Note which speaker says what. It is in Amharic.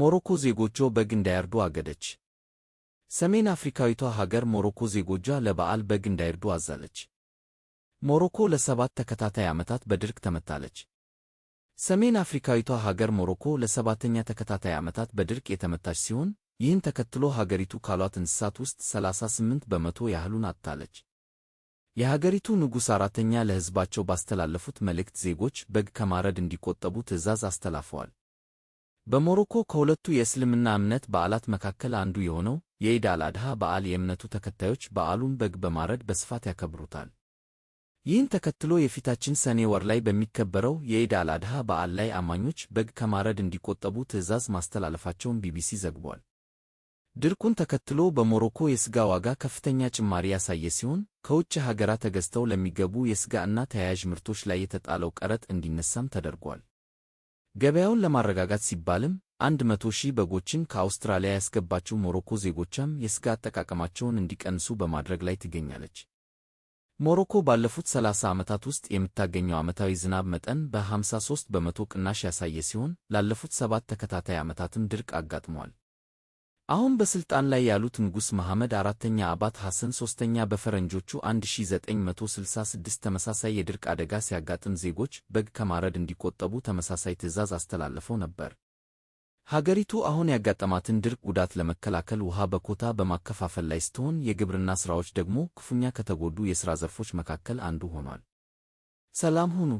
Speaker 1: ሞሮኮ ዜጎቿ በግ እንዳያርዱ አገደች። ሰሜን አፍሪካዊቷ ሀገር ሞሮኮ ዜጎቿ ለበዓል በግ እንዳይርዱ አዛለች። ሞሮኮ ለሰባት ተከታታይ ዓመታት በድርቅ ተመታለች። ሰሜን አፍሪካዊቷ ሀገር ሞሮኮ ለሰባተኛ ተከታታይ ዓመታት በድርቅ የተመታች ሲሆን ይህን ተከትሎ ሀገሪቱ ካሏት እንስሳት ውስጥ 38 በመቶ ያህሉን አጥታለች። የሀገሪቱ ንጉሥ አራተኛ ለሕዝባቸው ባስተላለፉት መልእክት ዜጎች በግ ከማረድ እንዲቆጠቡ ትዕዛዝ አስተላፈዋል። በሞሮኮ ከሁለቱ የእስልምና እምነት በዓላት መካከል አንዱ የሆነው የኢድ አል አድሃ በዓል የእምነቱ ተከታዮች በዓሉን በግ በማረድ በስፋት ያከብሩታል። ይህን ተከትሎ የፊታችን ሰኔ ወር ላይ በሚከበረው የኢድ አል አድሃ በዓል ላይ አማኞች በግ ከማረድ እንዲቆጠቡ ትዕዛዝ ማስተላለፋቸውን ቢቢሲ ዘግቧል። ድርቁን ተከትሎ በሞሮኮ የሥጋ ዋጋ ከፍተኛ ጭማሪ ያሳየ ሲሆን ከውጭ ሀገራት ተገዝተው ለሚገቡ የሥጋ እና ተያያዥ ምርቶች ላይ የተጣለው ቀረጥ እንዲነሳም ተደርጓል። ገበያውን ለማረጋጋት ሲባልም አንድ መቶ ሺህ በጎችን ከአውስትራሊያ ያስገባችው ሞሮኮ ዜጎቿም የሥጋ አጠቃቀማቸውን እንዲቀንሱ በማድረግ ላይ ትገኛለች። ሞሮኮ ባለፉት 30 ዓመታት ውስጥ የምታገኘው ዓመታዊ ዝናብ መጠን በ53 በመቶ ቅናሽ ያሳየ ሲሆን ላለፉት ሰባት ተከታታይ ዓመታትም ድርቅ አጋጥሟል። አሁን በሥልጣን ላይ ያሉት ንጉሥ መሐመድ አራተኛ አባት ሐሰን ሦስተኛ በፈረንጆቹ 1966 ተመሳሳይ የድርቅ አደጋ ሲያጋጥም ዜጎች በግ ከማረድ እንዲቆጠቡ ተመሳሳይ ትዕዛዝ አስተላልፈው ነበር። ሀገሪቱ አሁን ያጋጠማትን ድርቅ ጉዳት ለመከላከል ውሃ በኮታ በማከፋፈል ላይ ስትሆን የግብርና ሥራዎች ደግሞ ክፉኛ ከተጎዱ የሥራ ዘርፎች መካከል አንዱ ሆኗል። ሰላም ሁኑ።